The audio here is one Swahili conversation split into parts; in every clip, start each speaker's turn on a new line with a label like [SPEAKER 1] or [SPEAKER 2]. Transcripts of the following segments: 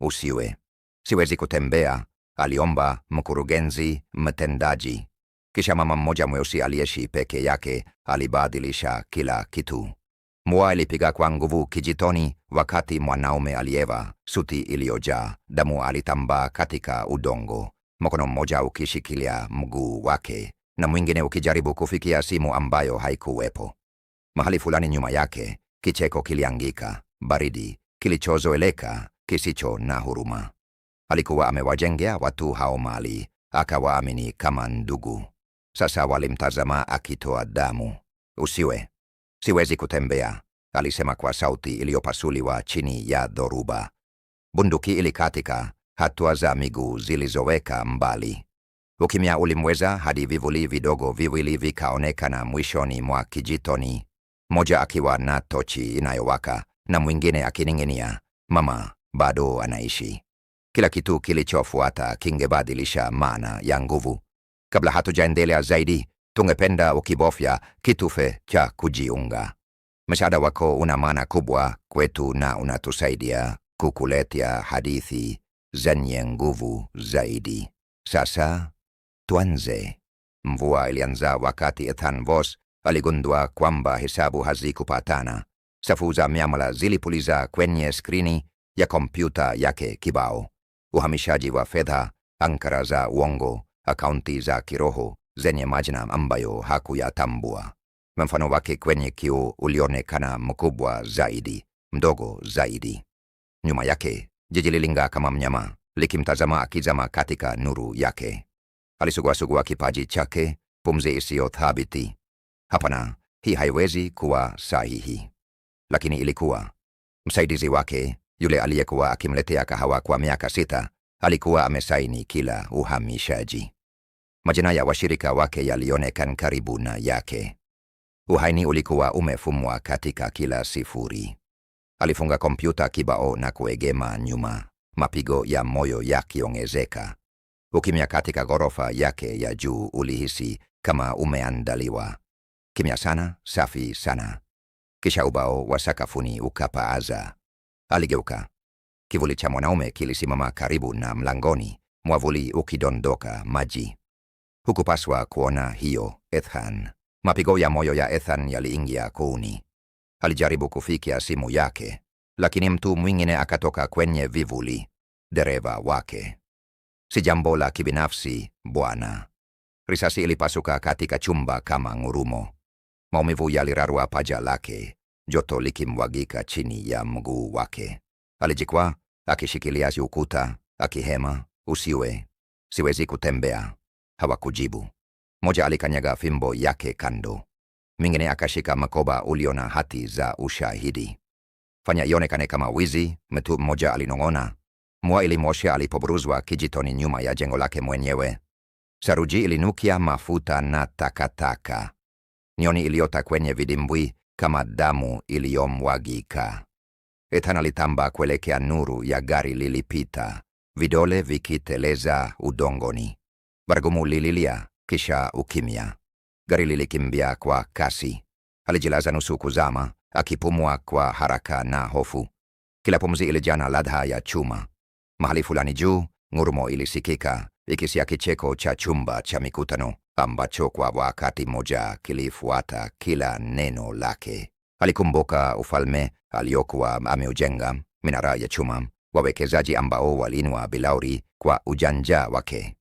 [SPEAKER 1] usiwe. Siwezi kutembea, aliomba mkurugenzi mtendaji. Kisha mama mmoja mweusi aliyeishi peke yake alibadilisha kila kitu. mua ilipiga kwa nguvu kijitoni, wakati mwanaume alieva suti iliyojaa damu alitambaa katika udongo, mkono mmoja ukishikilia mguu wake na mwingine ukijaribu kufikia simu ambayo haikuwepo. Mahali fulani nyuma yake, kicheko kiliangika baridi kilichozoeleka kisicho na huruma. Alikuwa amewajengea watu hao mali, akawaamini kama ndugu. Sasa walimtazama akitoa damu. Usiwe, siwezi kutembea, alisema kwa sauti iliyopasuliwa chini ya dhoruba. Bunduki ilikatika, hatua za miguu zilizoweka mbali. Ukimya ulimweza hadi vivuli vidogo viwili vikaonekana mwishoni mwa kijitoni, moja akiwa na tochi inayowaka na mwingine akining'inia. Mama, bado anaishi. Kila kitu kilichofuata kingebadilisha maana ya nguvu. Kabla hatujaendelea zaidi, tungependa ukibofya kitufe cha kujiunga. Msaada wako una maana kubwa kwetu na unatusaidia kukuletea hadithi zenye nguvu zaidi. Sasa tuanze. Mvua ilianza wakati Ethan Voss aligundua kwamba hesabu hazikupatana. Safu za miamala zilipuliza kwenye skrini ya kompyuta yake kibao, uhamishaji wa fedha, ankara za uongo, akaunti za kiroho zenye majina ambayo hakuyatambua. Mfano wake kwenye kioo ulionekana mkubwa zaidi, mdogo zaidi. Nyuma yake jiji lilinga kama mnyama likimtazama akizama katika nuru yake. Alisuguasugua kipaji chake, pumzi isiyo thabiti. Hapana, hii haiwezi kuwa sahihi. Lakini ilikuwa msaidizi wake yule aliyekuwa akimletea kahawa kwa miaka sita alikuwa amesaini kila uhamishaji. Majina ya washirika wake yalionekana karibu na yake. Uhaini ulikuwa umefumwa katika kila sifuri. Alifunga kompyuta kibao na kuegema nyuma, mapigo ya moyo yakiongezeka. Ukimya katika ghorofa yake ya juu ulihisi kama umeandaliwa. Kimya sana, safi sana. Kisha ubao wa sakafuni ukapaaza. Aligeuka. Kivuli cha mwanaume kilisimama karibu na mlangoni, mwavuli ukidondoka maji. Hukupaswa kuona hiyo, Ethan. Mapigo ya moyo ya Ethan yaliingia kuuni. Alijaribu kufikia simu yake, lakini mtu mwingine akatoka kwenye vivuli, dereva wake. Si jambo la kibinafsi, bwana. Risasi ilipasuka katika chumba kama ngurumo. Maumivu yalirarua paja lake joto likimwagika chini ya mguu wake. alijikwa akishikilia ukuta, akihema, usiwe, siwezi kutembea. Hawakujibu. moja alikanyaga fimbo yake kando, mingine akashika makoba ulio na hati za ushahidi. Fanya ionekane kama wizi, mtu mmoja alinong'ona. mua ilimwosha alipoburuzwa kijitoni nyuma ya jengo lake mwenyewe. Saruji ilinukia mafuta na takataka. Nyoni iliota kwenye vidimbwi kama damu iliyomwagika. Ethan alitamba kuelekea nuru ya gari lilipita, vidole vikiteleza udongoni. Baragumu lililia, kisha ukimya. Gari lilikimbia kwa kasi. Alijilaza nusu kuzama, akipumua kwa haraka na hofu. Kila pumzi ilijana ladha ya chuma. Mahali fulani juu, ngurumo ilisikika, ikisia kicheko cha chumba cha mikutano ambacho kwa wakati mmoja kilifuata kila neno lake. Alikumbuka ufalme aliokuwa ameujenga, minara ya chuma, wawekezaji ambao walinua bilauri kwa ujanja wake.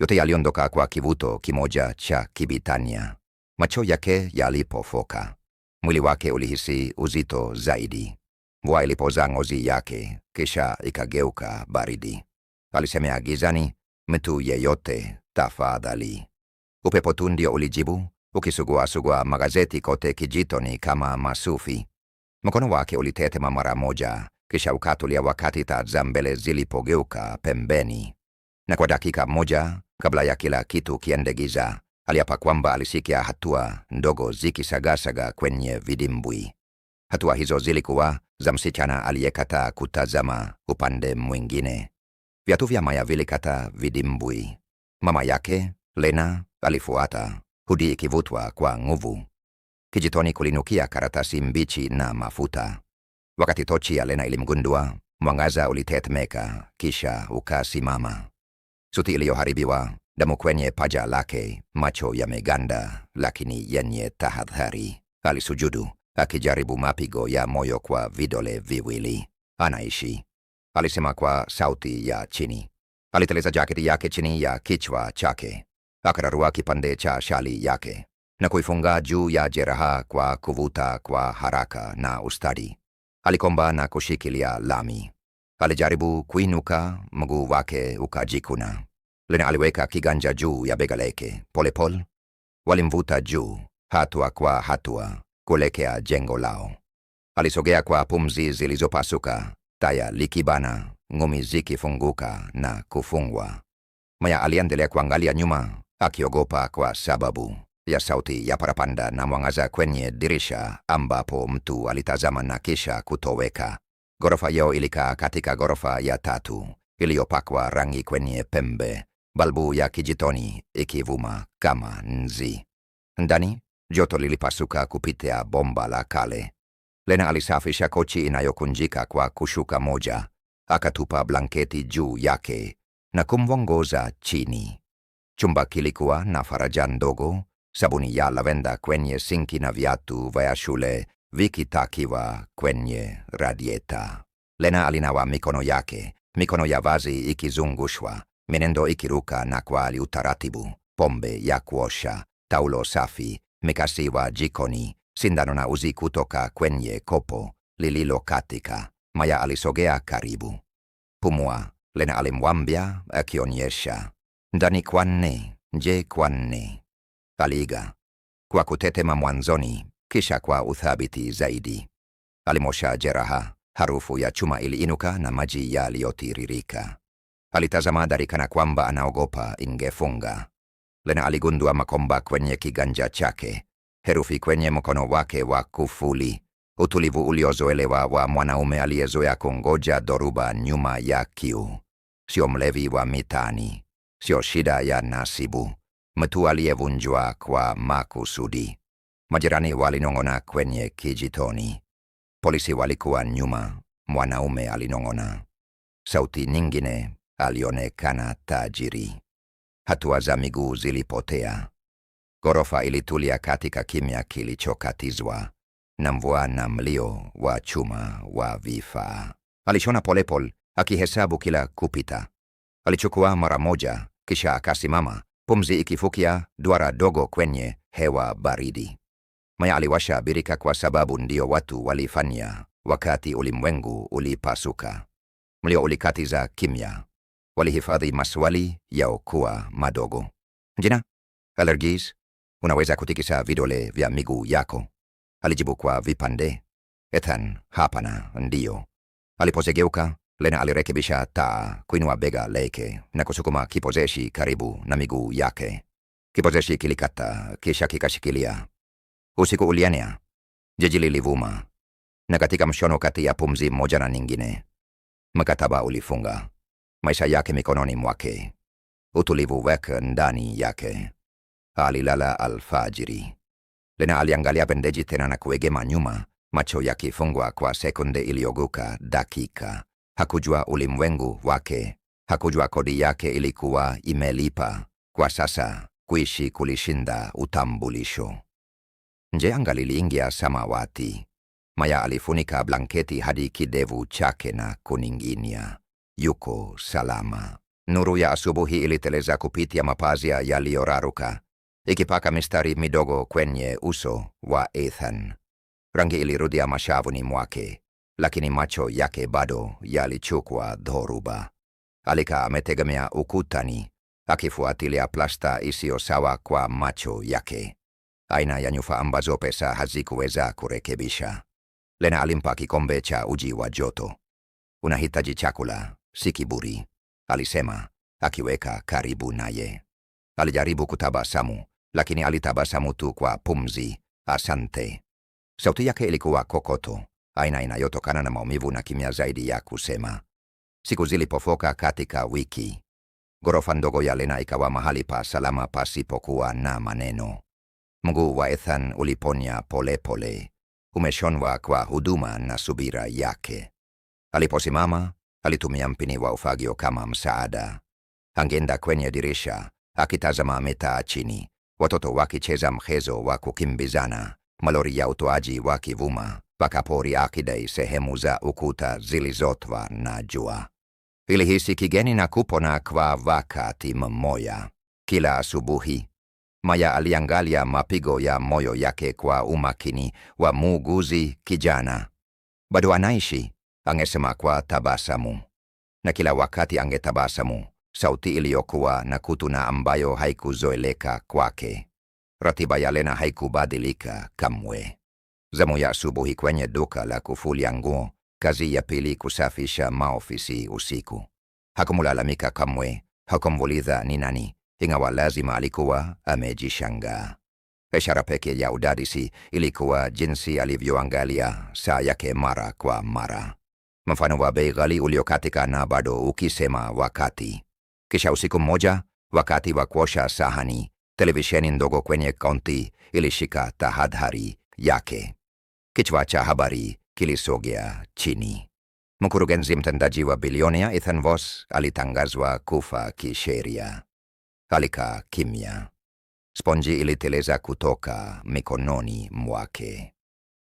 [SPEAKER 1] Yote yaliondoka kwa kivuto kimoja cha kibitania. Macho yake yalipofoka, mwili wake ulihisi uzito zaidi. Mvua ilipoza ngozi yake, kisha ikageuka baridi. Alisemea gizani, mtu yeyote, tafadhali Upepo tu ndio ulijibu, ukisugua-sugua magazeti kote kijitoni kama masufi. Mkono wake ulitetema mara moja, kisha ukatulia wakati taa za mbele zilipogeuka pembeni, na kwa dakika moja kabla ya kila kitu kiende giza, aliapa kwamba alisikia hatua ndogo zikisagasaga kwenye vidimbwi. Hatua hizo zilikuwa za msichana aliyekataa kutazama upande mwingine. Viatu vya Maya vilikata vidimbwi. Mama yake Lena alifuata, hudi ikivutwa kwa nguvu. Kijitoni kulinukia karatasi mbichi na mafuta. Wakati tochi ya Lena ilimgundua, mwangaza ulitetemeka, kisha ukasimama. Suti iliyoharibiwa, damu kwenye paja lake, macho yameganda, lakini yenye tahadhari. Alisujudu akijaribu mapigo ya moyo kwa vidole viwili. Anaishi, alisema kwa sauti ya chini. Aliteleza jaketi yake chini ya kichwa chake akararua kipande cha shali yake na kuifunga juu ya jeraha kwa kuvuta kwa haraka na ustadi. Alikomba na kushikilia lami. Alijaribu kuinuka, mguu wake ukajikuna. Lina aliweka kiganja juu ya bega lake. Polepole walimvuta juu, hatua kwa hatua, kuelekea jengo lao. Alisogea kwa pumzi zilizopasuka, taya likibana, ngumi zikifunguka na kufungwa. Maya aliendelea kuangalia nyuma akiogopa kwa sababu ya sauti ya parapanda na mwangaza kwenye dirisha ambapo mtu alitazama na kisha kutoweka. Ghorofa yao ilikaa katika ghorofa ya tatu iliyopakwa rangi kwenye pembe, balbu ya kijitoni ikivuma kama nzi. Ndani joto lilipasuka kupitia bomba la kale. Lena alisafisha kochi inayokunjika kwa kushuka moja, akatupa blanketi juu yake na kumvongoza chini. Chumba kilikuwa na faraja ndogo, sabuni ya lavenda kwenye sinki na viatu vya shule vikitakiwa kwenye radieta. Lena alinawa mikono yake, mikono ya vazi ikizungushwa, minendo ikiruka na kwa utaratibu, pombe ya kuosha, taulo safi, mikasi wa jikoni, sindano na uzi kutoka kwenye kopo lililo katika Maya alisogea karibu. Pumua, Lena alimwambia akionyesha ndani kwa nne, nje kwa kwa kutetema mwanzoni, kisha kwa uthabiti zaidi. Alimosha jeraha, harufu ya chuma iliinuka na maji yaliyotiririka. Alitazama dari kana kwamba anaogopa ingefunga. Lena aligundua makomba kwenye kiganja chake, herufi kwenye mkono wake wa kufuli, utulivu uliozoelewa wa mwanaume aliyezoea kungoja dhoruba nyuma ya kiu, sio mlevi wa mitaani sio shida ya nasibu, mtu aliyevunjwa kwa makusudi. Majirani walinong'ona kwenye kijitoni. Polisi walikuwa nyuma, mwanaume alinong'ona. Sauti nyingine, alionekana tajiri. Hatua za miguu zilipotea. Gorofa ilitulia katika kimya kilichokatizwa na mvua na mlio wa chuma wa vifaa. Alishona polepole, akihesabu kila kupita. Alichukua mara moja, kisha akasimama, pumzi ikifukia duara dogo kwenye hewa baridi. Maya aliwasha birika kwa sababu ndio watu walifanya wakati ulimwengu ulipasuka. Mlio ulikatiza kimya. Walihifadhi maswali yao kuwa madogo. Jina? Allergies? Unaweza kutikisa vidole vya miguu yako? Alijibu kwa vipande. Ethan, hapana, ndio Alipozegeuka, Lena alirekebisha taa, kuinua bega lake na kusukuma kipozeshi karibu na miguu yake. Kipozeshi kilikata kisha kikashikilia. Usiku ulienea, jiji lilivuma, na katika mshono kati ya pumzi moja na nyingine, mkataba ulifunga maisha yake mikononi mwake, utulivu weka ndani yake. Alilala alfajiri. Lena aliangalia bendeji tena na kuegema nyuma, macho yakifungwa kwa sekunde iliyoguka dakika Hakujua ulimwengu wake, hakujua kodi yake ilikuwa imelipa. Kwa sasa kuishi kulishinda utambulisho. Nje anga liliingia samawati. Maya alifunika blanketi hadi kidevu chake na kuning'inia. Yuko salama. Nuru ya asubuhi iliteleza kupitia mapazia yaliyoraruka ikipaka mistari midogo kwenye uso wa Ethan. Rangi ilirudia mashavuni mwake, lakini macho yake bado yalichukua dhoruba. Alikaa ametegemea ukutani, akifuatilia plasta isiyo sawa kwa macho yake, aina ya nyufa ambazo pesa hazikuweza kurekebisha. Lena alimpa kikombe cha uji wa joto. Unahitaji chakula, si kiburi, alisema akiweka karibu naye. Alijaribu kutabasamu, lakini alitabasamu tu kwa pumzi. Asante. Sauti yake ilikuwa kokoto, aina inayotokana na maumivu na kimya zaidi ya kusema. Siku zilipofoka katika wiki, ghorofa ndogo ya Lena ikawa mahali pa salama pasipokuwa na maneno. Mguu wa Ethan uliponya polepole, umeshonwa kwa huduma na subira yake. Aliposimama, alitumia mpini wa ufagio kama msaada. Angeenda kwenye dirisha akitazama mitaa chini, watoto wakicheza mchezo wa kukimbizana, malori ya utoaji wakivuma, Wakapori akidai sehemu za ukuta zilizotwa na jua. Ilihisi kigeni na kupona kwa wakati mmoja. Kila asubuhi Maya aliangalia mapigo ya moyo yake kwa umakini wa muuguzi kijana. Bado anaishi, angesema kwa tabasamu, na kila wakati angetabasamu, sauti iliyokuwa na kutu na ambayo haikuzoeleka kwake. Ratiba ya Lena haikubadilika kamwe za moya asubuhi kwenye duka la kufulia nguo, kazi ya pili kusafisha maofisi usiku. Hakumlalamika kamwe, hakumvuliza ni nani, ingawa lazima alikuwa amejishangaa. Ishara pekee ya udadisi ilikuwa jinsi alivyoangalia saa yake mara kwa mara, mfano wa bei ghali uliokatika na bado ukisema wakati. Kisha usiku mmoja, wakati wa kuosha sahani, televisheni ndogo kwenye kaunti ilishika tahadhari yake. Kichwa cha habari kilisogea chini. Mkurugenzi mtendaji wa bilionia Ethan Voss alitangazwa kufa kisheria. Alikaa kimya, sponji iliteleza kutoka mikononi mwake.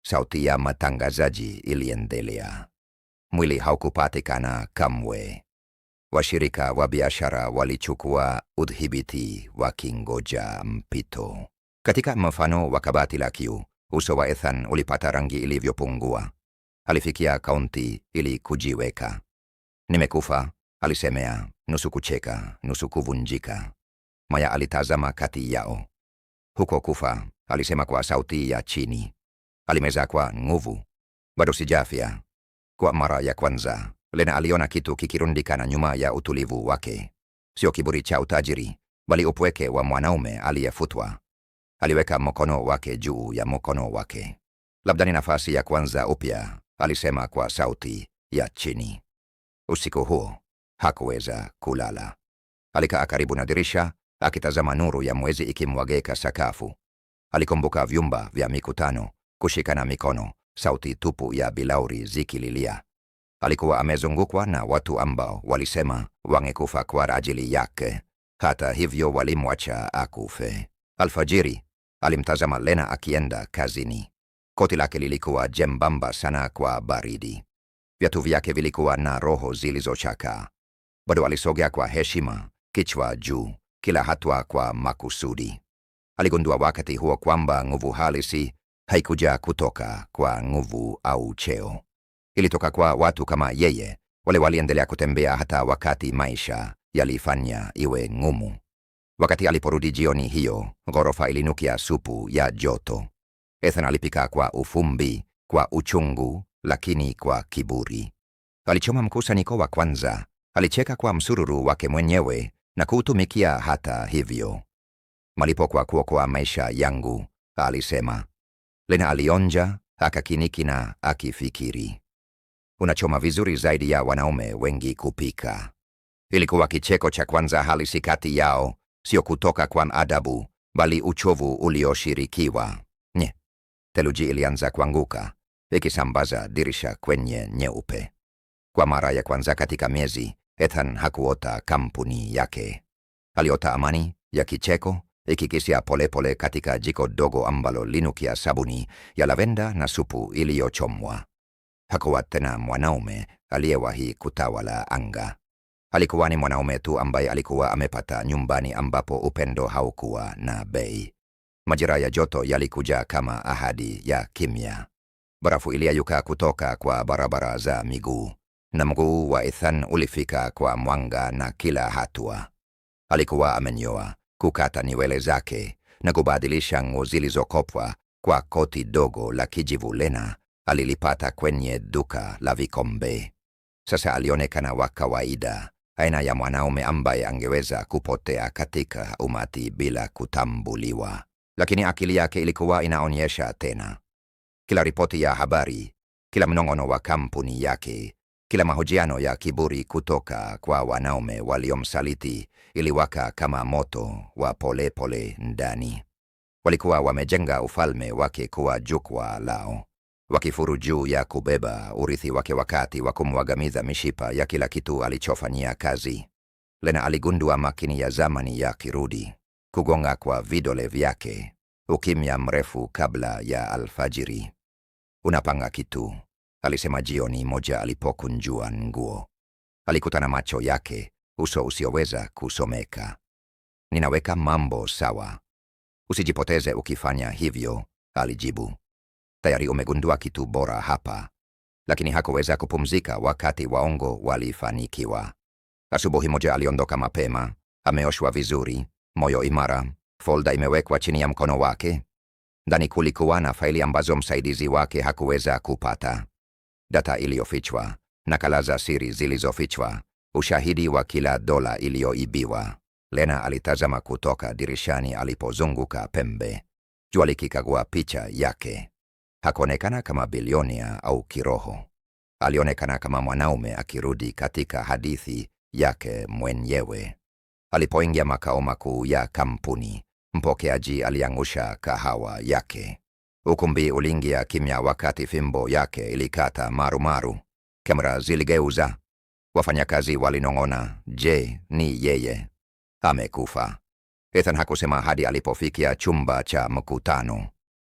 [SPEAKER 1] Sauti ya matangazaji iliendelea. Mwili haukupatikana kamwe. Washirika wa biashara walichukua udhibiti wakingoja mpito. Katika mfano wa kabati la kiu, Uso wa Ethan ulipata rangi ilivyopungua. Alifikia kaunti ili kujiweka. Nimekufa, alisemea, nusu kucheka, nusu kuvunjika. Maya alitazama kati yao. Huko kufa, alisema kwa sauti ya chini. Alimeza kwa nguvu. Bado sijafia. Kwa mara ya kwanza, Lena aliona kitu kikirundikana nyuma ya utulivu wake. Sio kiburi cha utajiri, bali upweke wa mwanaume aliyefutwa. Aliweka mkono wake juu ya mkono wake. Labda ni nafasi ya kwanza upya, alisema kwa sauti ya chini. Usiku huo hakuweza kulala. Alikaa karibu na dirisha akitazama nuru ya mwezi ikimwageka sakafu. Alikumbuka vyumba vya mikutano, kushikana mikono, sauti tupu ya bilauri zikililia. Alikuwa amezungukwa na watu ambao walisema wangekufa kwa ajili yake. Hata hivyo walimwacha akufe. Alfajiri Alimtazama Lena akienda kazini. Koti lake lilikuwa jembamba sana kwa baridi. Viatu vyake vilikuwa na roho zilizochaka Bado alisogea kwa heshima, kichwa juu, kila hatua kwa makusudi. Aligundua wakati huo kwamba nguvu halisi haikuja kutoka kwa nguvu au cheo. Ilitoka kwa watu kama yeye, wale waliendelea kutembea hata wakati maisha yalifanya iwe ngumu. Wakati aliporudi jioni hiyo, ghorofa ilinukia supu ya joto. Ethan alipika kwa ufumbi, kwa uchungu, lakini kwa kiburi. Alichoma mkusanyiko wa kwanza, alicheka kwa msururu wake mwenyewe na kuutumikia hata hivyo. Malipo kwa kuokoa maisha yangu, alisema. Lena alionja, akakiniki na akifikiri. Unachoma vizuri zaidi ya wanaume wengi kupika. Ilikuwa kicheko cha kwanza halisi kati yao, sio kutoka kwa adabu, bali uchovu ulioshirikiwa. Nye. teluji ilianza kuanguka, ikisambaza dirisha kwenye nyeupe. Kwa mara ya kwanza katika miezi, Ethan hakuota kampuni yake. Aliota amani ya kicheko ikikisia polepole katika jiko dogo ambalo linukia sabuni ya lavenda na supu iliyochomwa. Hakuwa tena mwanaume aliyewahi kutawala anga. Alikuwa ni mwanaume tu ambaye alikuwa amepata nyumbani ambapo upendo haukuwa na bei. Majira ya joto yalikuja kama ahadi ya kimya. Barafu iliyayuka kutoka kwa barabara za miguu, na mguu wa Ethan ulifika kwa mwanga na kila hatua. Alikuwa amenyoa, kukata nywele zake na kubadilisha nguo zilizokopwa kwa koti dogo la kijivu lena alilipata kwenye duka la vikombe. Sasa alionekana wa kawaida, aina ya mwanaume ambaye angeweza kupotea katika umati bila kutambuliwa, lakini akili yake ilikuwa inaonyesha tena. Kila ripoti ya habari, kila mnong'ono wa kampuni yake, kila mahojiano ya kiburi kutoka kwa wanaume waliomsaliti iliwaka kama moto wa polepole pole ndani. Walikuwa wamejenga ufalme wake kuwa jukwaa lao wakifuru juu ya kubeba urithi wake wakati wa kumwagamiza mishipa ya kila kitu alichofanyia kazi. Lena aligundua makini ya zamani ya kirudi, kugonga kwa vidole vyake, ukimya mrefu kabla ya alfajiri. Unapanga kitu, alisema jioni moja alipokunjua nguo. Alikutana macho yake, uso usioweza kusomeka. Ninaweka mambo sawa, usijipoteze ukifanya hivyo, alijibu tayari umegundua kitu bora hapa, lakini hakuweza kupumzika wakati waongo walifanikiwa. Asubuhi moja aliondoka mapema, ameoshwa vizuri, moyo imara, folda imewekwa chini ya mkono wake. Ndani kulikuwa na faili ambazo msaidizi wake hakuweza kupata, data iliyofichwa, nakala za siri zilizofichwa, ushahidi wa kila dola iliyoibiwa. Lena alitazama kutoka dirishani alipozunguka pembe, jua likikagua picha yake. Hakuonekana kama bilionia au kiroho. Alionekana kama mwanaume akirudi katika hadithi yake mwenyewe. Alipoingia makao makuu ya kampuni, mpokeaji aliangusha kahawa yake. Ukumbi uliingia kimya wakati fimbo yake ilikata marumaru. Kamera ziligeuza. Wafanyakazi walinong'ona, "Je, ni yeye? Amekufa." Ethan hakusema hadi alipofikia chumba cha mkutano.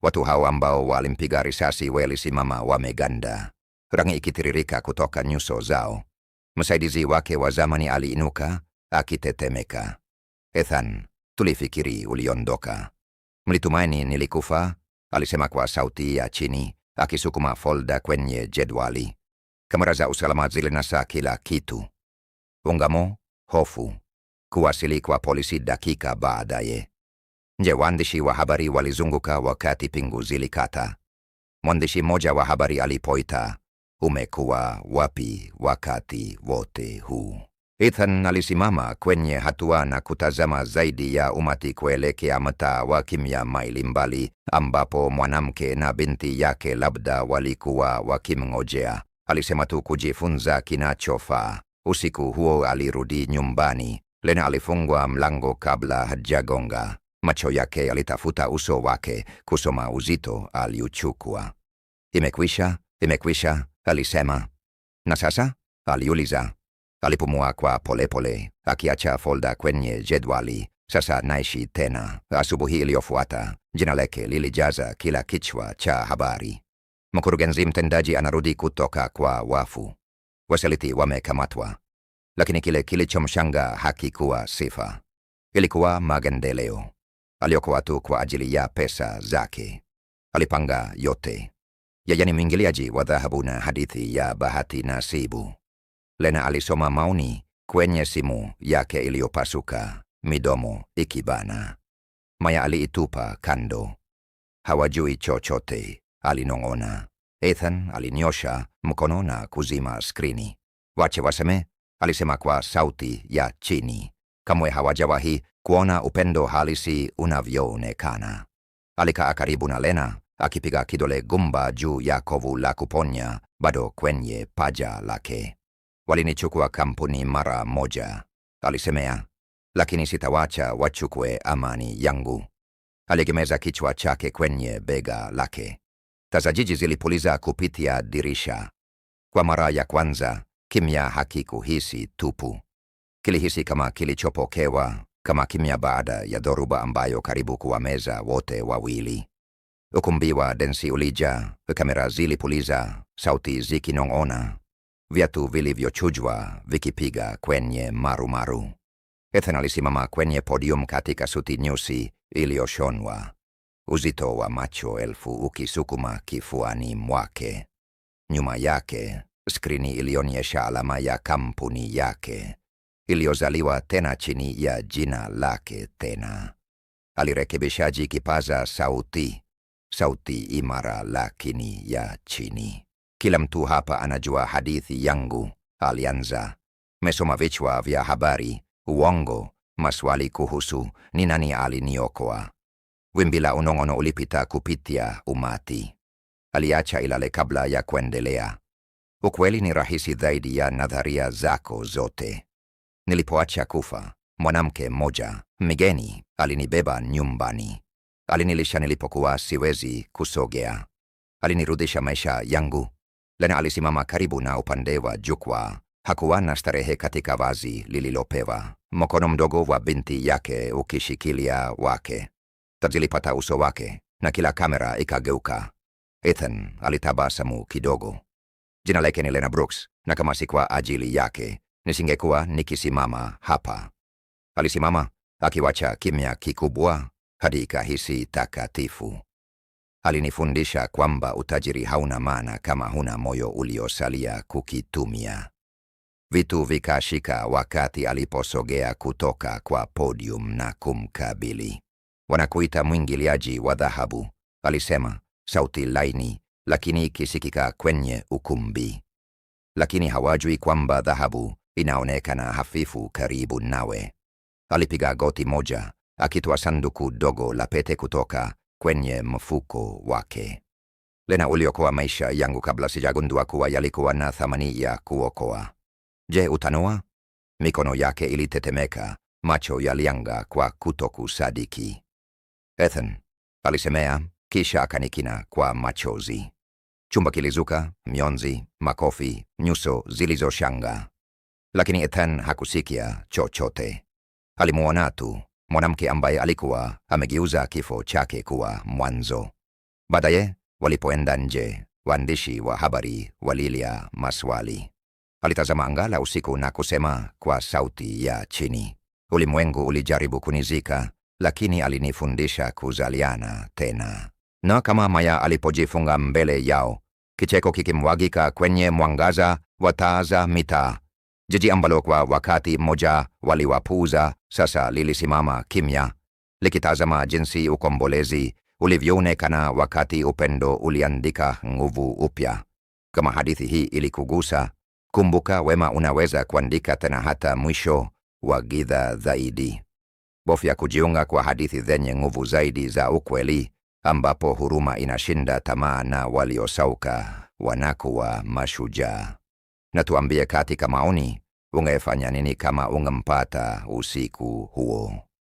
[SPEAKER 1] Watu hao ambao walimpiga risasi walisimama wameganda, rangi ikitiririka kutoka nyuso zao. Msaidizi wake wa zamani aliinuka akitetemeka. Ethan, tulifikiri uliondoka. Mlitumaini nilikufa, alisema kwa sauti ya chini, akisukuma folda kwenye jedwali. Kamera za usalama zilinasa kila kitu. Ungamo, hofu, kuwasili kwa polisi dakika baadaye. Nje waandishi wa habari walizunguka wakati pingu zilikata. Mwandishi mmoja wa habari alipoita, umekuwa wapi wakati wote huu? Ethan alisimama kwenye hatua na kutazama zaidi ya umati kuelekea mtaa wa kimya maili mbali, ambapo mwanamke na binti yake labda walikuwa wakimngojea. Alisema tu kujifunza kinachofaa. Usiku huo alirudi nyumbani. Lena alifungwa mlango kabla hajagonga. Macho yake alitafuta uso wake kusoma uzito aliuchukua. Imekwisha, imekwisha, alisema. Na sasa? aliuliza. Alipumua kwa polepole pole, akiacha folda kwenye jedwali. Sasa naishi tena. Asubuhi iliyofuata jina lake lilijaza kila kichwa cha habari. Mkurugenzi mtendaji anarudi kutoka kwa wafu, wasaliti wamekamatwa. Lakini kile kilichomshanga hakikuwa sifa, ilikuwa magendeleo aliokoa tu kwa ajili ya pesa zake. Alipanga yote. Yeye ni mwingiliaji wa dhahabu na hadithi ya bahati nasibu. Lena alisoma maoni kwenye simu yake iliyopasuka, midomo ikibana. Maya aliitupa kando. Hawajui chochote, alinong'ona. Ethan alinyosha mkono na kuzima skrini. Wache waseme, alisema kwa sauti ya chini. Kamwe hawajawahi kuona upendo halisi unavyoonekana. Alikaa karibu na Lena akipiga kidole gumba juu ya kovu la kuponya bado kwenye paja lake. Walinichukua kampuni mara moja, alisemea, lakini sitawacha wachukue amani yangu. Aligimeza kichwa chake kwenye bega lake. tazajiji jiji zilipuliza kupitia dirisha. Kwa mara ya kwanza, kimya hakikuhisi tupu, kilihisi kama kilichopokewa kama kimya baada ya dhoruba ambayo karibu kuwameza wote wawili. Ukumbi wa densi ulija kamera zilipuliza, sauti zikinong'ona, viatu vilivyochujwa vikipiga kwenye marumaru maru. Ethan alisimama kwenye podium katika suti nyeusi iliyoshonwa, uzito wa macho elfu ukisukuma kifuani mwake. Nyuma yake skrini ilionyesha alama ya kampuni yake iliyozaliwa tena chini ya jina lake tena. Alirekebishaji kipaza sauti, sauti imara lakini ya chini. Kila mtu hapa anajua hadithi yangu, alianza. Mesoma vichwa vya habari, uongo, maswali kuhusu ni nani aliniokoa. Wimbi la unong'ono ulipita kupitia umati. Aliacha ilale kabla ya kuendelea. Ukweli ni rahisi zaidi ya nadharia zako zote. Nilipoacha kufa, mwanamke mmoja mgeni alinibeba nyumbani. Alinilisha nilipokuwa siwezi kusogea, alinirudisha maisha yangu. Lena alisimama karibu na upande wa jukwaa. Hakuwa na starehe katika vazi lililopewa, mkono mdogo wa binti yake ukishikilia wake. tazilipata uso wake na kila kamera ikageuka. Ethan alitabasamu kidogo. Jina lake ni Lena Brooks, na kama si kwa ajili yake, nisingekuwa nikisimama hapa. Alisimama akiwacha kimya kikubwa hadi ikahisi takatifu. Alinifundisha kwamba utajiri hauna maana kama huna moyo uliosalia kukitumia. Vitu vikashika wakati aliposogea kutoka kwa podium na kumkabili. Wanakuita mwingiliaji wa dhahabu, alisema, sauti laini lakini ikisikika kwenye ukumbi. Lakini hawajui kwamba dhahabu inaonekana hafifu karibu nawe. Alipiga goti moja, akitoa sanduku dogo la pete kutoka kwenye mfuko wake. Lena, uliokoa maisha yangu kabla sijagundua kuwa yalikuwa na thamani ya kuokoa. Je, utanoa? Mikono yake ilitetemeka, macho yalianga kwa kutokusadiki. Ethan, alisemea, kisha akanikina kwa machozi. Chumba kilizuka, mionzi, makofi, nyuso zilizoshanga lakini Ethan hakusikia chochote. alimuona tu mwanamke ambaye alikuwa amegeuza kifo chake kuwa mwanzo. Baadaye walipoenda nje, waandishi wa habari walilia maswali. Alitazama anga la usiku na kusema kwa sauti ya chini, ulimwengu ulijaribu kunizika, lakini alinifundisha kuzaliana tena. Na kama Maya alipojifunga mbele yao, kicheko kikimwagika kwenye mwangaza wa taa za mitaa, Jiji ambalo kwa wakati mmoja waliwapuza sasa lilisimama kimya, likitazama jinsi ukombolezi ulivyoonekana wakati upendo uliandika nguvu upya. Kama hadithi hii ilikugusa, kumbuka, wema unaweza kuandika tena hata mwisho wa giza zaidi. Bofya kujiunga kwa hadithi zenye nguvu zaidi za ukweli, ambapo huruma inashinda tamaa na waliosauka wanakuwa mashujaa. Na tuambie katika maoni ungefanya nini kama ungempata usiku huo?